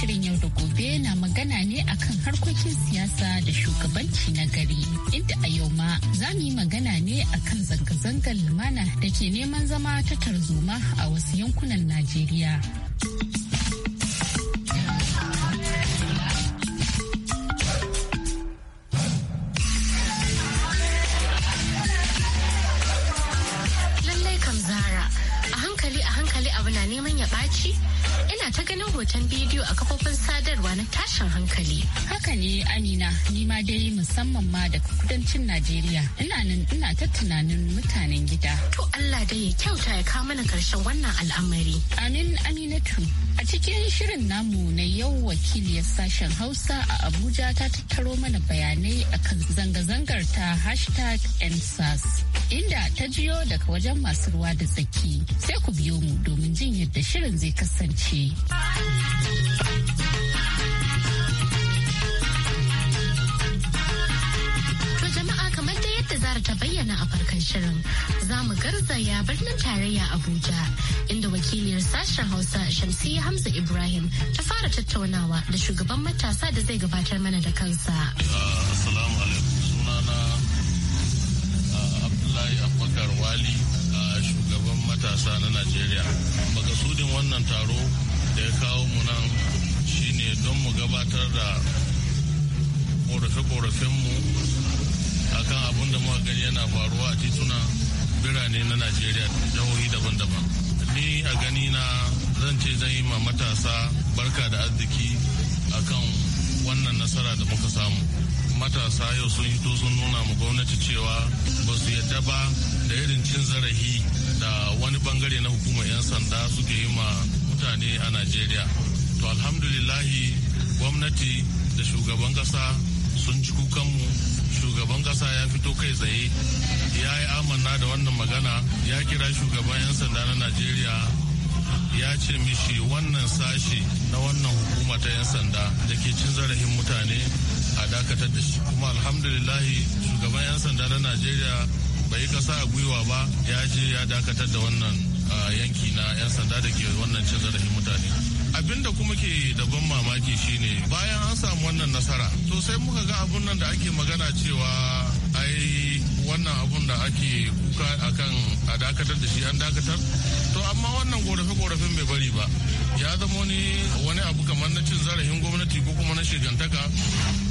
Shirin yau da gobe na magana ne akan harkokin siyasa da shugabanci na gari. Inda a yau ma za mu yi magana ne akan zanga-zangar lumana da ke neman zama ta tarzoma a wasu yankunan Najeriya. Lallai kam a hankali a hankali abu na neman ya ɓaci? ta ganin hoton bidiyo a kafofin sadarwa na tashin hankali. Haka ne Amina, ni ma dai musamman ma daga kudancin Najeriya. Ina nan ina ta tunanin mutanen gida. To Allah dai ya kyauta ya kawo mana karshen wannan al'amari. Amin Aminatu. A cikin shirin namu na yau wakiliyar sashen Hausa a Abuja ta tattaro mana bayanai akan zanga-zangar ta hashtag NSAS inda ta jiyo daga wajen masu ruwa da tsaki. Sai ku biyo mu domin jin yadda shirin zai kasance. ta bayyana a farkon shirin za mu garzaya birnin tarayya Abuja inda wakiliyar sashen Hausa Shamsi Hamza Ibrahim ta fara tattaunawa da shugaban matasa da zai gabatar mana da kansa. Assalamu alaikum sunana uh, Abdullahi uh, shugaban matasa na Najeriya. sudin wannan taro da ya kawo mu nan shine don mu gabatar da korafe-korafenmu akan abun da muka gani yana faruwa a tituna birane na najeriya jihohi daban-daban ni a gani na zan ce zan yi ma matasa barka da arziki akan wannan nasara da muka samu matasa yau sun hito sun nuna mu gwamnati cewa ba su yadda ba da irin cin zarafi da wani bangare na hukumar 'yan sanda suke yi ma mutane a najeriya to alhamdulillahi gwamnati da shugaban kasa sun kukan kukanmu shugaban kasa ya fito kai tsaye ya yi amanna da wannan magana ya kira shugaban 'yan sanda na najeriya ya ce mishi wannan sashi na wannan hukuma ta 'yan sanda da ke cin zarafin mutane a dakatar da shi kuma alhamdulillahi shugaban 'yan sanda na najeriya bai kasa a gwiwa ba ya je ya dakatar da wannan ah, yanki na 'yan sanda da ke wannan cin zarafin mutane abinda kuma ke da ban mamaki shine bayan an samu wannan nasara to sai muka ga abun nan da ake magana cewa ai wannan abun da ake kuka akan a dakatar da shi an dakatar to amma wannan gorafe-gorafen bai bari ba ya zama wani abu kamar na cin zarafin gwamnati ko kuma na shigantaka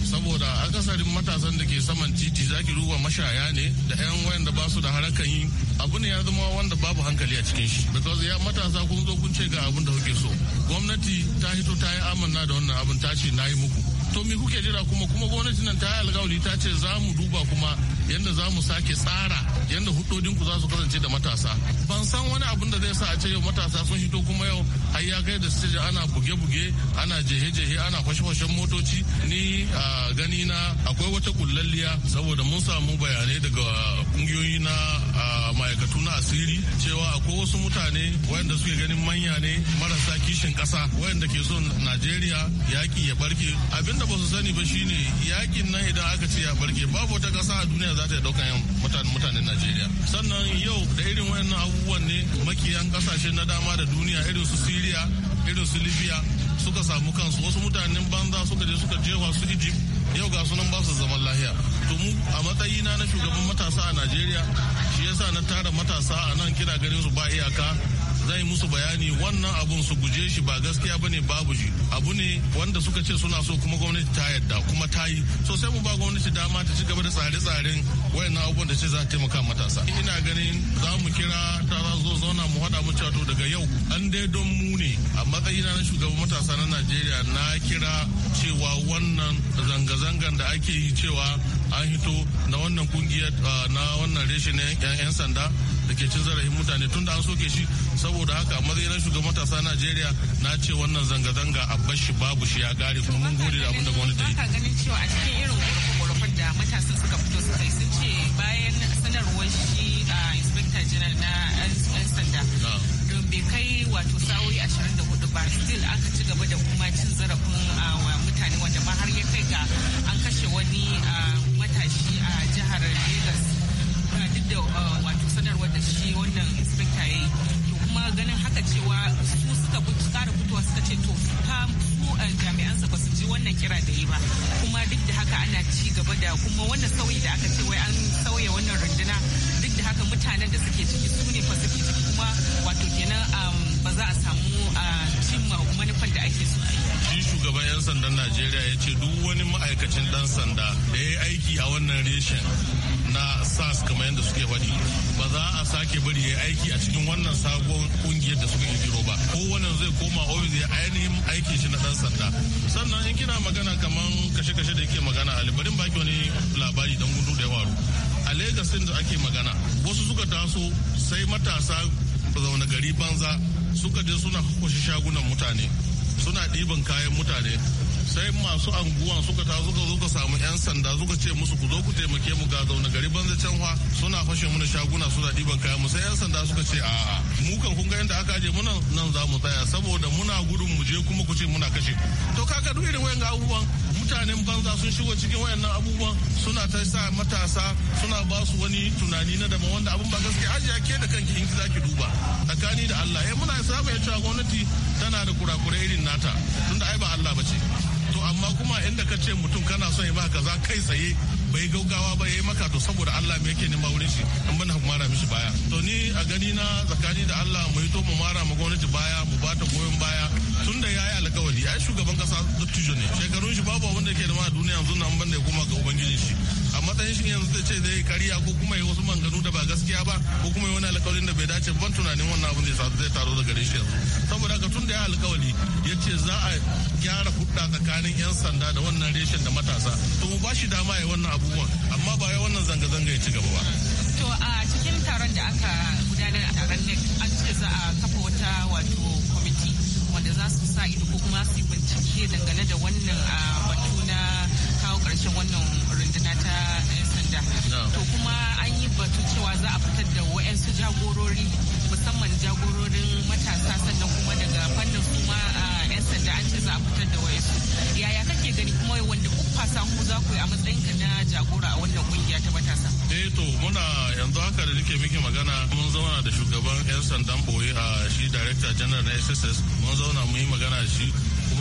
saboda akasarin matasan da ke saman titi zaki ruba mashaya ne da 'yan wayan da basu da harakan yi abu ne ya zama wanda babu hankali a cikin shi because ya matasa kun zo kun ce ga abin da kuke so gwamnati ta hito ta yi amanna da wannan abin ta ce na yi muku to mi kuke jira kuma kuma gwamnati nan ta yi alkawari ta ce za mu duba kuma yadda za mu sake tsara yadda hudodinku za su kasance da matasa ban san wani abin da zai sa a ce yau matasa sun hito kuma yau har ya kai da stage ana buge-buge ana jehe-jehe ana fashe-fashen motoci ni a gani na akwai wata kullalliya saboda mun samu bayanai daga tona asiri cewa akwai wasu mutane wayanda suke ganin manya ne marasa kishin kasa wayanda ke son najeriya yaki ya barke abinda ba su sani ba shine yakin nan idan aka ce ya barke babu wata kasa a duniya za ta yi daukan yan mutanen najeriya sannan yau da irin wayannan abubuwan ne makiyan kasashe na dama da duniya irin su siriya irin su libya suka samu kansu wasu mutanen banza suka je suka jewa su egypt yau ga sunan basu zaman lahiya to mu a matsayina na shugaban matasa a najeriya shi yasa na tara matasa a nan kina ganin su ba iyaka zai musu bayani wannan abun su guje shi ba gaskiya ba ne babu shi abu ne wanda suka ce suna so kuma gwamnati ta yadda kuma ta yi so sai mu ba gwamnati dama ta ci gaba da tsare-tsaren wayannan abubuwan da ce za ta taimaka matasa ina ganin za mu kira ta zo zauna mu haɗa mu cato daga yau an dai don mu ne a matsayina na shugaban matasa na najeriya na kira cewa wannan zanga-zangan da ake yi cewa an hito na wannan kungiyar ah, na wannan reshe na 'yan sanda da ke cin zarafin mutane tun da an soke shi saboda haka a matsayin shugaban matasa najeriya na ce wannan zanga-zanga a bashi babu shi ya gare kuma mun gode da abin da gwamnati ta yi. ganin cewa a cikin irin korafin da matasan suka fito suka yi sun ce bayan sanarwar shi a inspector general na 'yan sanda don bai kai wato sa'o'i ashirin da hudu ba still aka ci gaba da kuma cin zarafin mutane wanda ma har ya kai ga an kashe wani matashi a jihar Legas duk da uh, wato sanarwar da shi wannan inspector ya yi to kuma ganin haka cewa su suka kara fitowa suka ce to fa su uh, sa ba su ji wannan kira da yi ba kuma duk da haka ana ci gaba da kuma wannan sauyi da aka ce wai an sauya wannan runduna duk da haka mutanen da suke ciki su ne fa suke ciki kuma wato kenan um, ba za a samu a uh, cimma manufan da ake so 'yan sandan najeriya ya ce duk wani ma'aikacin dan sanda da ya yi aiki a wannan reshen na sas kamar yadda suke faɗi ba za a sake bari ya aiki a cikin wannan sabon kungiyar da suka kirkiro ba ko wannan zai koma ofis ya ainihin aiki shi na dan sanda sannan in kina magana kamar kashe-kashe da yake magana ali baki wani labari don gudu da yawa a Legas da ake magana wasu suka taso sai matasa zaune gari banza suka je suna kwashe shagunan mutane suna ɗiban kayan mutane sai masu anguwan suka ta suka zo samu yan sanda suka ce musu ku zo ku taimake mu ga zaune gari banza can fa suna fashe mana shaguna suna ɗiban kayan mu sai yan sanda suka ce a mu kan kun ga yadda aka aje muna nan za mu tsaya saboda muna gudun mu je kuma ku ce muna kashe to kaga duk irin wayan abubuwan mutanen banza sun shigo cikin wayannan abubuwan suna ta sa matasa suna ba su wani tunani na daban wanda abin ba gaskiya ajiya ke da kanki in za ki duba tsakani da Allah eh muna samu ya cewa gwamnati tana da kurakurai irin nata tunda ai ba Allah ba ce to amma kuma inda ka ce mutum kana son ya ba kaza kai tsaye bai gaugawa ba yayi maka to saboda Allah me yake nema wurin shi in ban mu mara mishi baya to ni a gani na tsakani da Allah mu yi to mu mara mu gwamnati baya mu bata goyon baya tun tunda yayi alkawari ai shugaban kasa dattijo ne shekarun shi babu wanda yake da ma duniya yanzu na ban da ya koma ga ubangiji shi a matsayin shi yanzu zai ce zai karya ko kuma yi wasu manganu da ba gaskiya ba ko kuma yi wani alkawarin da bai dace ban tunanin wannan abin da zai taro daga gare saboda haka tun da ya alkawari ya ce za a gyara hudda tsakanin yan sanda da wannan reshen da matasa to mu ba shi dama ya wannan abubuwan amma ba ya wannan zanga-zanga ya ci gaba ba. to a cikin taron da aka gudanar a taron nek an ce za a kafa wata wato kwamiti wanda za su sa ido ko kuma su bincike dangane da wannan batu na karshen wannan runduna ta 'yan sanda to kuma an yi batu cewa za a fitar da wa'yansu jagorori musamman jagororin matasa sannan kuma daga fannin suma a 'yan sanda an ce za a fitar da wa'yansu yaya kake gani kuma wanda kuka ku za ku yi a matsayinka na jagora a wannan kungiya ta matasa eh to muna yanzu haka da nake miki magana mun zauna da shugaban 'yan sandan boye a shi director general na sss mun zauna mu yi magana shi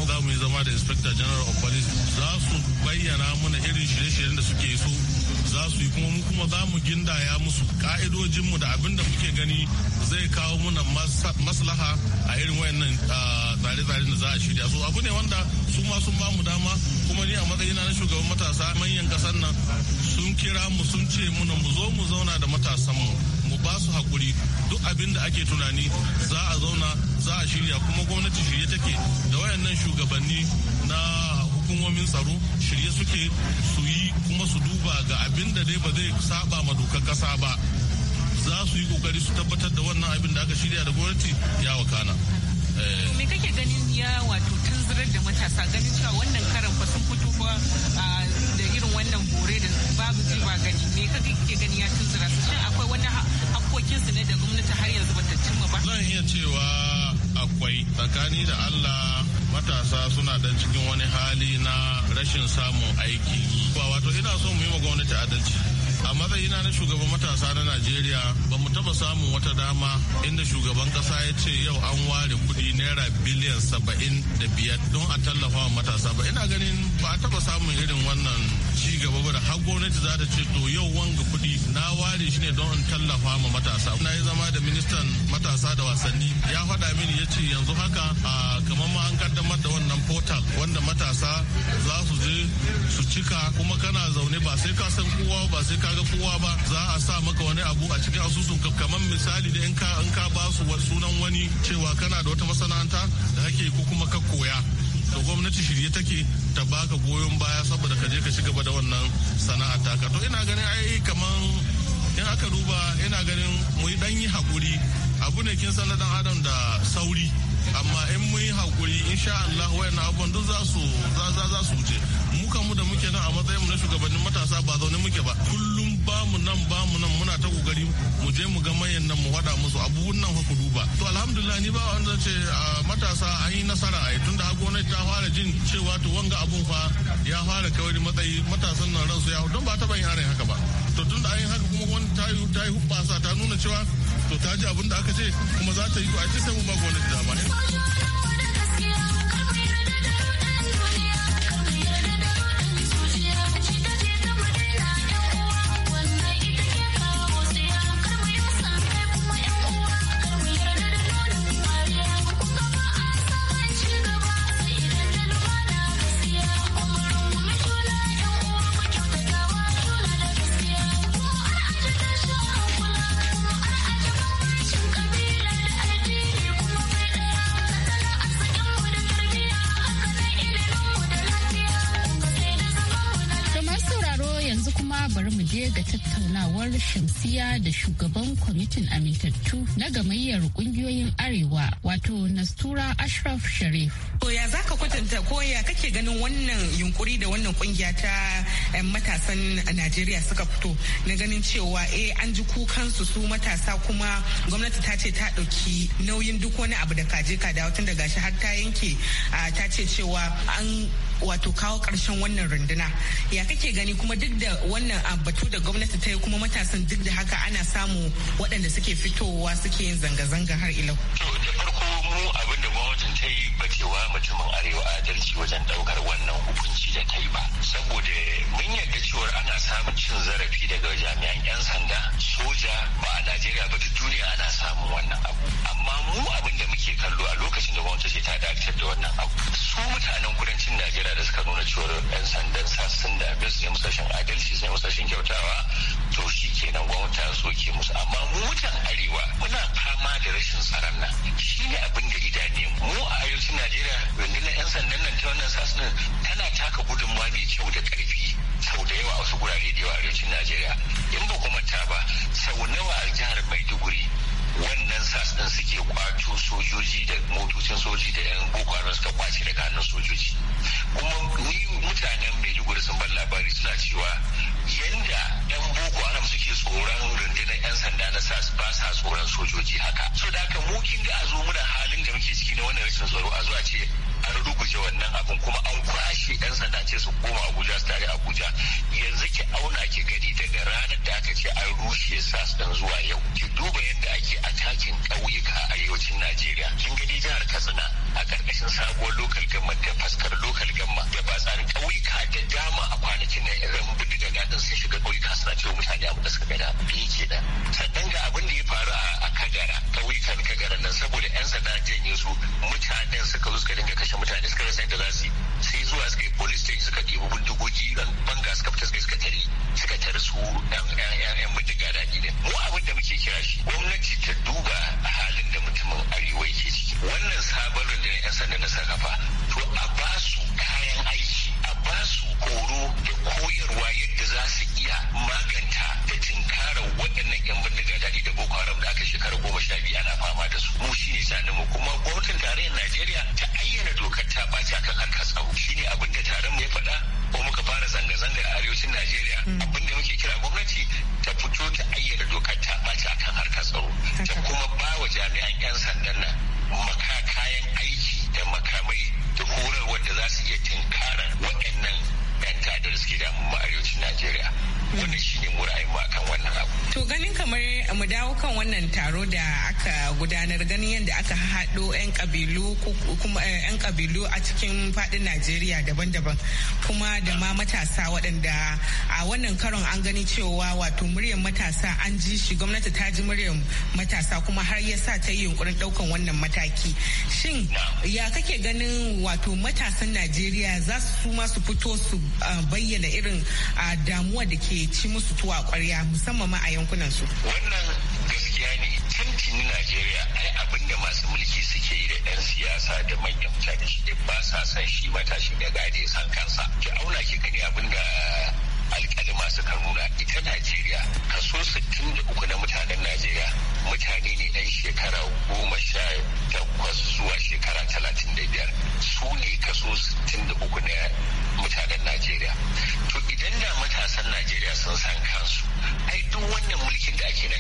za mu yi zama da inspector general of police za su bayyana mana irin shirye-shiryen da suke so za su yi kuma mu kuma za mu gindaya musu ka'idojinmu da abin da muke gani zai kawo muna maslaha a irin wayannan tsare-tsare da za a shirya so abu ne wanda su ma sun bamu dama kuma ni a matsayina na shugaban matasa manyan kasar nan sun kira mu sun ce muna mu zo mu zauna da matasanmu mu ba su hakuri duk abin da ake tunani za a zauna za a shirya kuma gwamnati shirye take da wayannan shugabanni na hukumomin tsaro shirye suke su yi kuma su duba ga abin da dai ba zai saba ma dokar kasa ba za su yi kokari su tabbatar da wannan abin da aka shirya da gwamnati ya wakana. Eh, me kake ganin ya wato tunzirar da matasa ganin cewa wannan karan ba sun fito ba da irin wannan bore da babu ji ba gani me kake gani ya tunzura su shin akwai wani hakokin su ne da gwamnati har yanzu bata cimma ba zan iya cewa akwai tsakani da Allah matasa suna dan cikin wani hali na rashin samun aiki ba wato ina so mu yi wa gwamnati adalci a matsayina na shugaban matasa na najeriya ba mu taba samun wata dama inda shugaban kasa ya ce yau an ware kudi naira biliyan saba'in da biyar don a tallafa matasa ba ina ganin ba a taba samun irin wannan gaba ba da har gwamnati za ta ce to yau wanga kuɗi na ware shi ne don in tallafa ma matasa na yi zama da ministan matasa da wasanni ya faɗa mini ya ce yanzu haka a kamar ma an kaddamar da wannan portal wanda matasa za su je su cika kuma kana zaune ba sai ka san kowa ba sai ka ga kowa ba za a sa maka wani abu a cikin asusun kamar misali da in ka ba su sunan wani cewa kana da wata masana'anta da kake ko kuma ka koya da gwamnati shirye take ta baka goyon baya saboda ka je ka ci gaba da wannan sana'a taka to ina ganin ai kaman in aka duba ina ganin mu dan yi hakuri abu ne kin san dan adam da sauri amma in muyi yi hakuri insha Allah wayannan abun duk za su za za su wuce mu kan mu da muke nan a matsayin mu na shugabannin matasa ba zaune muke ba kullum bamu mu nan ba nan muna ta kokari mu je mu ga mayan nan mu faɗa musu abubuwan nan ku duba to alhamdulillah ni ba wanda ce ah, matasa an yi nasara a tunda har gwamnati ta fara jin cewa to wanga abun fa ya fara kawai matsayi matasan nan ransu ya don ba ta ban yare haka ba to tunda an yi haka kuma wani ta yi ta yi hubbasa ta nuna cewa to ta ji abin da aka ce kuma za ta yi to a ce sai mu ba gwamnati dama ne war Shamsiya da shugaban kwamitin amintattu na gamayyar kungiyoyin Arewa wato Nastura Ashraf Sharif. To ya zaka kwatanta ko ya kake ganin wannan yunkuri da wannan kungiya ta eh, matasan Najeriya suka fito na ganin cewa eh an ji kukansu su matasa kuma gwamnati ta ce ta ɗauki nauyin duk wani abu da kaje ka dawo tun daga shi har ta yanke ah, ta ce cewa an wato kawo karshen wannan runduna ya kake gani kuma duk da wannan batu da gwamnati ta yi kuma matasan duk da haka ana samu waɗanda suke fitowa suke yin zanga-zanga har ilau. gwamnatin ta yi ba cewa mutumin arewa adalci wajen daukar wannan hukunci da ta yi ba saboda mun yarda cewar ana samun cin zarafi daga jami'an 'yan sanda soja ba a najeriya ba ta duniya ana samun wannan abu amma mu abin da muke kallo a lokacin da gwamnati ce ta dakatar da wannan abu su mutanen kudancin najeriya da suka nuna cewar 'yan sandan sa sun da abin su ne musashen adalci su musashen kyautawa to shi kenan gwamnati ta soke musu amma mu mutan arewa muna fama da rashin tsaron nan shi ne abin da idan ne. mu a arewacin najeriya rundunar yan sandan nan ta wannan sasunan tana taka gudunmawa mai kyau da karfi sau da yawa a wasu gurare da yawa a arewacin najeriya in ba kuma ta ba sau nawa a jihar maiduguri wannan sas suke kwato sojoji da motocin soji da yan boko haram suka kwace daga hannun sojoji kuma ni mutanen maiduguri sun bar labari suna cewa yanda yan boko haram suke tsoron rundunar yan sanda na sas ba sa tsoron sojoji haka so da haka mu kin ga a zo muna halin da muke ciki na wannan rashin tsaro a zo ce an ruguje wannan abin kuma an kwashe yan sanda ce su koma abuja su tare abuja yanzu ki auna ki gani daga ranar da aka ce an rushe sas ɗin zuwa yau ki duba yadda ake a takin ƙauyuka a arewacin najeriya kin gani jihar katsina a ƙarƙashin sabuwar lokal gamma da faskar lokal gamma da ba tsarin ƙauyuka da dama a kwanakin nan irin bindiga gadin sun shiga ƙauyuka suna cewa mutane abu da suka gada biyu ke da sannan ga abin da ya faru a kagara ƙauyukan kagara nan saboda 'yan sanda janye su mutanen suka zo suka dinga kashe mutane suka rasa yadda za su yi sai zuwa suka yi police station suka ɗebi bindigogi ɗan banga suka fita suka tare suka tare su haɗo 'yan kabilu a cikin faɗin najeriya daban-daban kuma da ma matasa waɗanda a wannan karon an gani cewa wato muryar matasa an ji shi gwamnati ta ji muryar matasa kuma har ya sa ta yi yunkurin ɗaukan wannan mataki shin ya kake ganin wato matasan najeriya za su ma su fito su eh, bayyana irin eh, damuwa da ke ci musu tuwa ƙwarya musamman ma a yankunan su cikin Najeriya ai abin da masu mulki suke yi da 'yan siyasa da manyan mutane shi ne ba sa son shi matashin ya gane san kansa. Ki auna ki gani abin da masu suka nuna ita Najeriya kaso 63 na mutanen Najeriya mutane ne 'yan shekara goma sha takwas zuwa shekara talatin da biyar su ne kaso 63 na mutanen Najeriya. To idan da matasan Najeriya sun san kansu ai duk wannan mulkin da ake na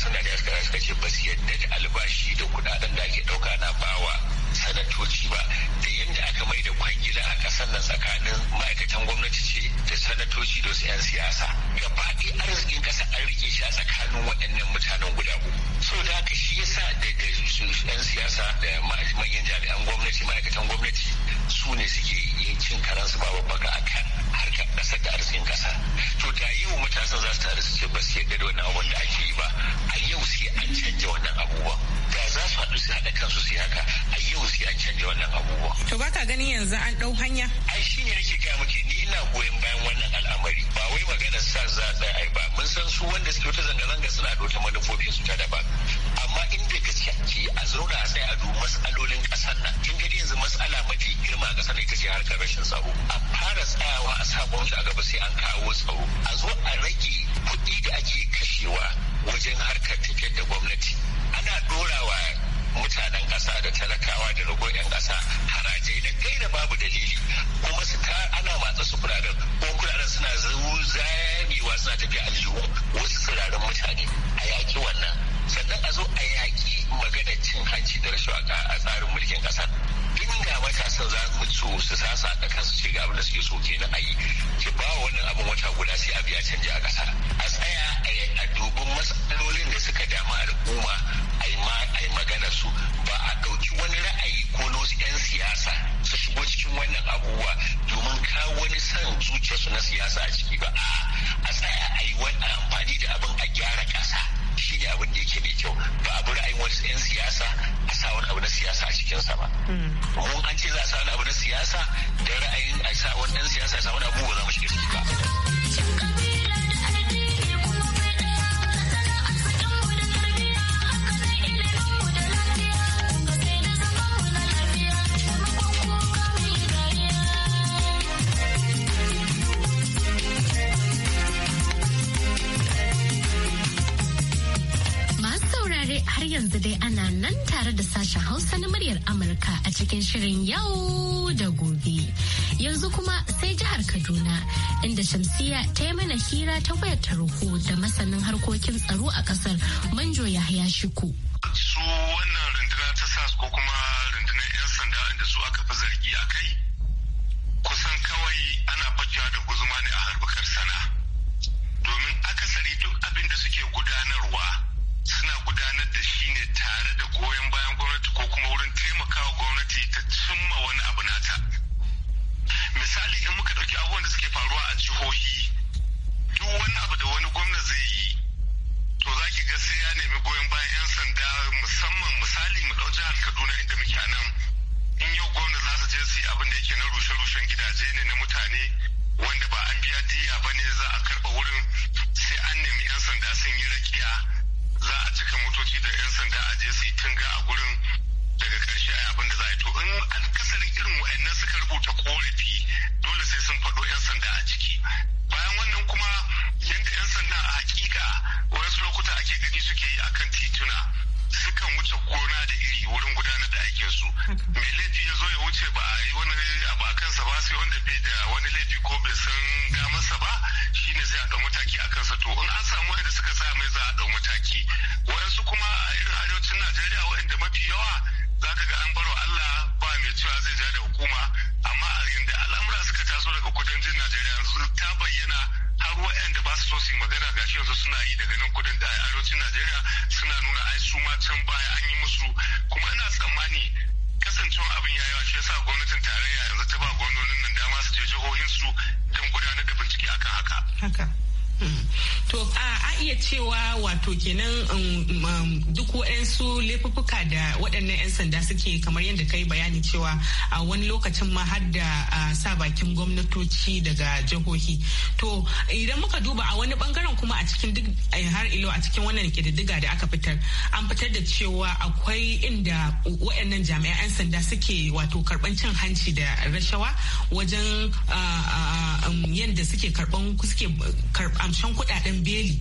sana da suka suka ce ba su yadda da albashi da kudaden da ake dauka na bawa sanatoci ba da yadda aka mai da kwangila a kasar nan tsakanin ma'aikatan gwamnati ce da sanatoci da wasu 'yan siyasa gaba ɗaya arzikin kasa an rike shi a tsakanin waɗannan mutanen guda uku so da haka shi yasa da 'yan siyasa da manyan jami'an gwamnati ma'aikatan gwamnati su ne suke yin cin karansu ba babbaka akan kasar da kasa to da yau matasan za su taru su ce ba su yarda da wannan abun da ake yi ba a yau sai an canja wannan abubuwan da za su haɗu su haɗa kansu su haka a yau sai an canja wannan abubuwan. to baka ganin yanzu an ɗau hanya. ai shi ne nake gaya muke ni ina goyon bayan wannan al'amari ba wai magana sa za a ba mun san su wanda suke wata zanga-zanga suna da manufofin su ta daban amma in ce a zauna a tsaya a dubi matsalolin ƙasar nan kin gani yanzu matsala mafi girma a ƙasar ita ce harkar rashin tsaro a fara tsayawa a sa gwamnati a gaba sai an kawo tsaro a zo a rage kuɗi da ake kashewa wajen harkar tafiyar da gwamnati ana ɗorawa mutanen ƙasa da talakawa da rago 'yan ƙasa harajai na da babu dalili kuma su ta ana matsa su kuraren ko kuraren suna zamewa suna tafiya aljihu wasu tsirarin mutane a yaƙi wannan sannan a zo a yaƙi magana cin hanci da rashawa a tsarin mulkin ƙasa inda matasan za mu so su sasa da kansu ce ga abin da suke so kenan a yi ki ba wannan abin wata guda sai a biya canji a ƙasa a tsaya a dubin matsalolin da suka dama al'umma a yi magana su ba a ɗauki wani ra'ayi ko na 'yan siyasa su shigo cikin wannan abubuwa domin kawo wani san zuciyarsu na siyasa a ciki ba a tsaya a yi wani amfani da abin a gyara ƙasa shine abin da yake mai kyau ba abu ra'ayin wasu 'yan siyasa a sa wani abu na siyasa a cikin sa ba hmm. mun an ce za a sa wani abu na siyasa da ra'ayin a sa wani 'yan siyasa a sa wani abu ba za mu shiga ciki ba har yanzu dai ana nan tare da sashen Hausa na muryar Amurka a cikin shirin yau da gobe. Yanzu kuma sai jihar Kaduna inda Shamsiya ta yi mana hira ta wayar tarho da masanin harkokin tsaro a kasar Manjo Yahaya Shiku. mataki a kansa to in an samu wanda suka sa mai za a ɗau mataki waɗansu kuma a irin arewacin najeriya waɗanda mafi yawa za ka ga an baro allah ba mai cewa zai ja da hukuma amma a yanda al'amura suka taso daga kudancin najeriya yanzu ta bayyana har waɗanda ba su so su yi magana shi yanzu suna yi daga nan kudin da arewacin najeriya suna nuna ai su ma can baya an yi musu kuma ina tsammani kasancewar abin ya yayi shi yasa gwamnatin tarayya yanzu ta ba gwamnonin nan dama su je jihohinsu don gudanar da bincike akan Haka. cewa wato kenan um, um, um, duk waɗansu laifuffuka da waɗannan 'yan sanda suke kamar yadda kai bayani cewa a wani lokacin ma har da sa bakin gwamnatoci daga jihohi to idan muka duba a wani bangaren kuma a cikin duk eh, har ilo a cikin wannan kididdiga da aka fitar an fitar da cewa akwai inda waɗannan jami'an 'yan sanda suke wato karban cin hanci da rashawa wajen yadda suke karɓan suke amshan kuɗaɗen beli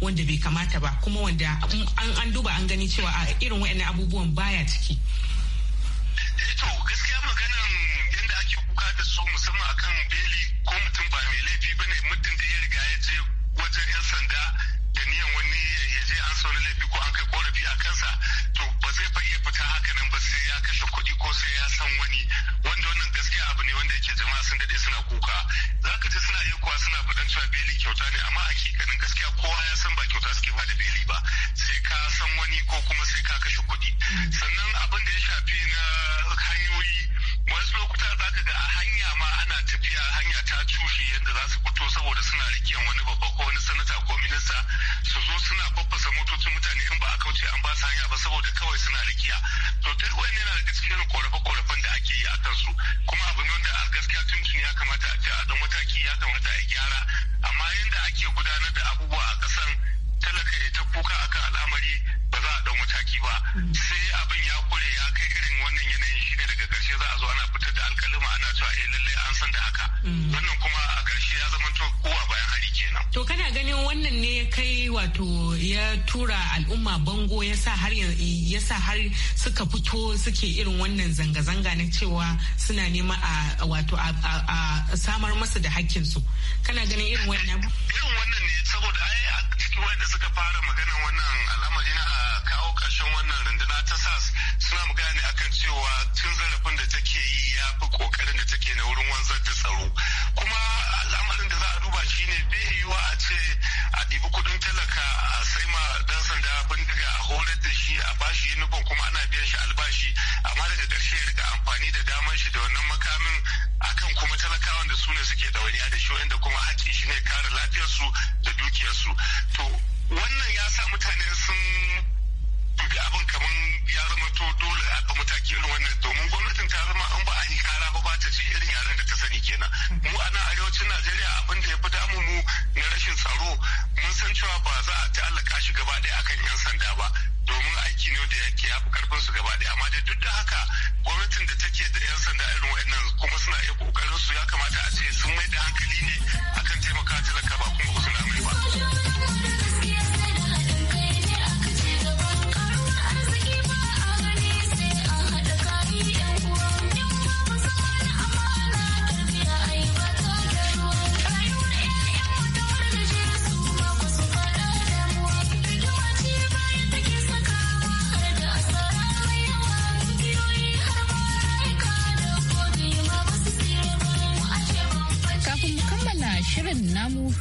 wanda bai kamata ba kuma wanda an duba an gani cewa a irin waɗannan abubuwan baya ciki to gaskiya maganan yadda ake kuka da su musamman akan beli ko mutum ba mai laifi ba ne mutum da ya riga ya je wajen 'yan sanda da niyan wani ya je an sauni laifi ko an kai korafi a kansa to ba zai iya fita haka nan ba sai ya kashe kuɗi ko sai ya san wani yake jama'a sun dade suna kuka za ka ji suna yakuwa suna faɗan cewa beli kyauta ne amma hakikanin gaskiya kowa ya san ba kyauta suke ba da beli ba sai ka san wani ko kuma sai ka kashe kuɗi sannan abin da ya shafi na hanyoyi wasu lokuta ka ga a hanya ma ana tafiya hanya ta cushe yadda za su fito saboda suna rikiyan wani babba ko wani sanata ko minista su zo suna faffasa motocin mutane in ba a kauce an ba su hanya ba saboda kawai suna rikiya to duk wani yana da cikin korafe-korafen bukatar kuma abu ne wanda a gaskiya tun tun ya kamata a ce a dan mataki ya kamata a gyara amma yadda ake gudanar da abubuwa a kasan talaka ya ta kuka akan al'amari ba za a dan mataki ba mm. sai wato ya tura al'umma bango ya sa har har suka fito suke irin wannan zanga-zanga na cewa suna nema a wato a samar masa da hakkinsu kana ganin irin wannan irin wannan ne saboda ai a cikin wanda suka fara maganin wannan al'amari na a kawo ƙarshen wannan runduna ta sas suna magana akan cewa cin zarafin da take yi ya fi kokarin da take na wurin wanzar da tsaro kuma al'amarin da za a duba shine bai yiwuwa a ce a ɗibi kuɗin talaka a sai ma ɗan sanda bindiga a horar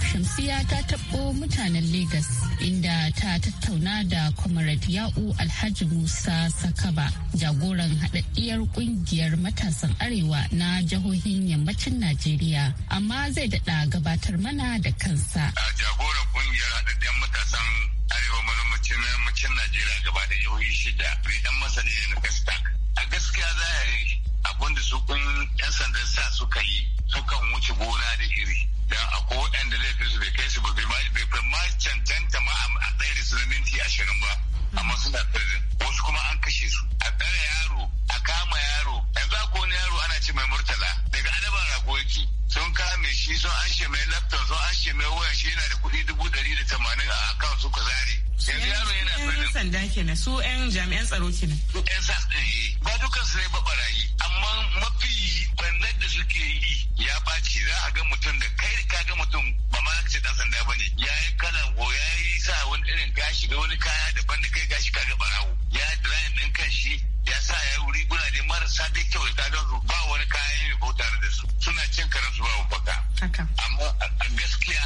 Shamsiya ta taɓo mutanen Legas inda ta tattauna da Comrade Ya'u Alhaji Musa Sakaba jagoran haɗaɗɗiyar ƙungiyar matasan Arewa na jihohin yammacin Najeriya amma zai daɗa gabatar mana da kansa. Jagoran ƙungiyar haɗaɗɗiyar matasan Arewa na yammacin Najeriya gaba da jihohi shida bai ɗan masani ne na kasta. A gaskiya za a yi abin da su 'yan sandan sa suka yi sukan wuce gona da iri. da ko waɗanda laifin su bai kai su bai ma cancanta ma a tsayar su na minti ashirin ba amma suna prison wasu kuma an kashe su a tsare yaro a kama yaro yanzu ko wani yaro ana ce mai murtala daga adaba rago yake sun kame shi sun an shi mai laptop sun an shi mai wayan shi yana da kuɗi dubu ɗari da tamanin a akawun su zare yanzu yaro yana prison yan sanda kenan su yan jami'an tsaro kenan yan sa ɗin eh, ba dukkan su ne ba barayi amma mafi bannar da suke yi ya ɓaci za a ga mutum da ga mutum ba ma ce ɗan sanda ba ne ya yi kalan ko ya yi sa wani irin gashi da wani kaya daban da kai gashi kaga barawo ya yi ɗin kan shi ya sa ya yi riguna ne marasa da kyau ka ga su ba wani kayan yi tare da su suna cin karansu ba baka. Amma gaskiya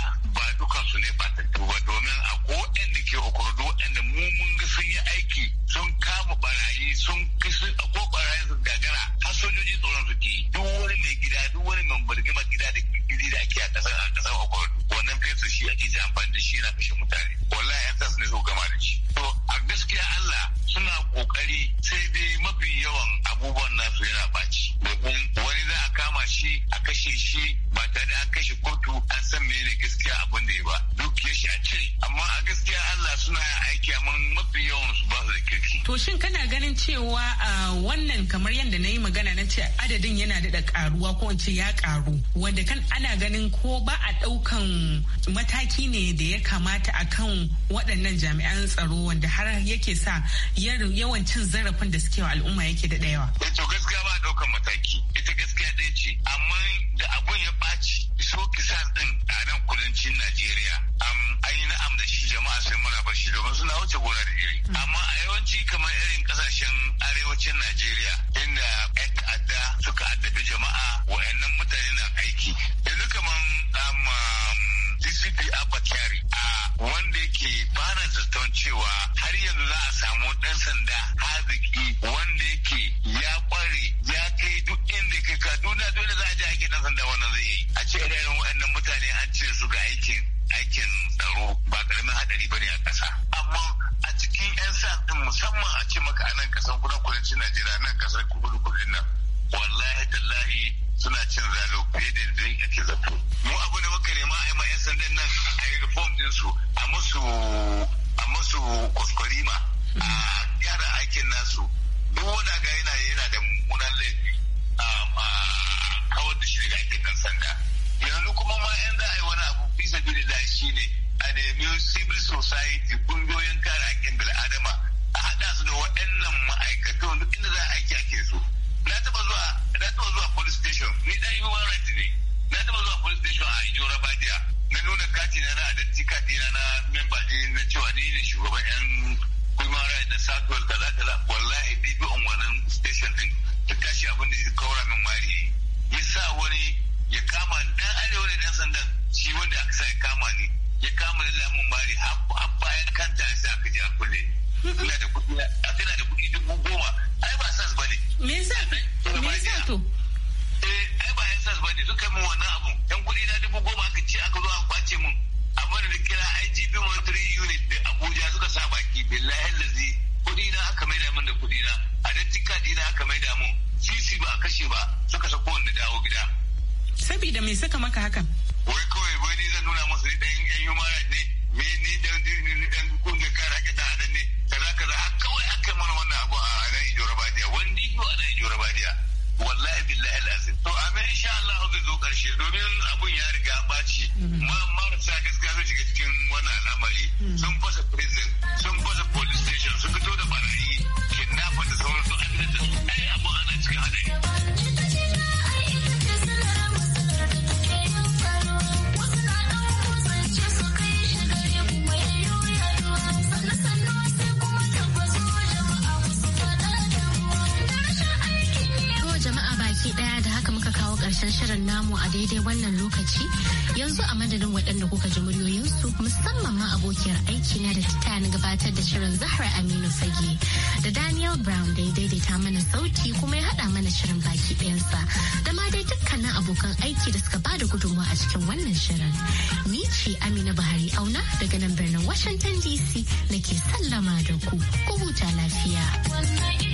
shi a ƙasar a ƙasar Ogun wannan fesa shi ake jan amfani da shi yana kashe mutane wallahi yan sas ne su gama da shi shin kana ganin cewa a ah, wannan kamar yadda na yi magana na ce adadin yana daɗa karuwa ko ce ya karu wanda kan ana ganin ko ba a ɗaukan mataki ne da ya kamata akan waɗannan jami'an tsaro wanda har yake sa yawan cin zarafin da suke wa al'umma yake da yawa. Eh, samu ɗan sanda haziki wanda yake ya kware ya kai duk inda ka kaduna dole za a ji aikin ɗan sanda wannan zai yi a ce irin waɗannan mutane an cire su ga aikin aikin tsaro ba karamin hadari bane a ƙasa amma a cikin 'yan sa musamman a ce maka a nan ƙasar kudan kudancin najeriya nan ƙasar kudu kudu nan wallahi tallahi suna cin zalo fiye da yadda ake zato mu abu ne muka nema a yi ma 'yan sandan nan a yi reform ɗinsu a musu a musu kwaskwarima a gyara aikin nasu duk wanda ga yana yana da mummunan laifi um, a kawar da shi daga aikin nan sanda yanzu kuma ma yan za a yi wani abu fi sabili da shi ne a nemi civil society kungiyoyin kare aikin bil'adama a haɗa su da waɗannan ma'aikatan duk inda za a aiki ake so na taɓa zuwa na taɓa zuwa police station ni dan human rights ne na taɓa zuwa police station a ijoro Badiya na nuna kati na na adatti kati na Southwell domin abun ya riga ɓaci marasa gaskiya zai shiga cikin wani al'amari sun fasa prison sun wannan shirin namu a daidai wannan lokaci yanzu a madadin waɗanda kuka ji muryoyinsu musamman ma abokiyar aiki na da ta gabatar da shirin Zahra Aminu Fage da Daniel Brown da ya daidaita mana sauti kuma ya haɗa mana shirin baki ɗayansa da ma dai dukkanin abokan aiki da suka ba da gudunmawa a cikin wannan shirin. Ni ce Amina bahari Auna daga nan birnin Washington DC nake sallama da ku. Ku huta lafiya.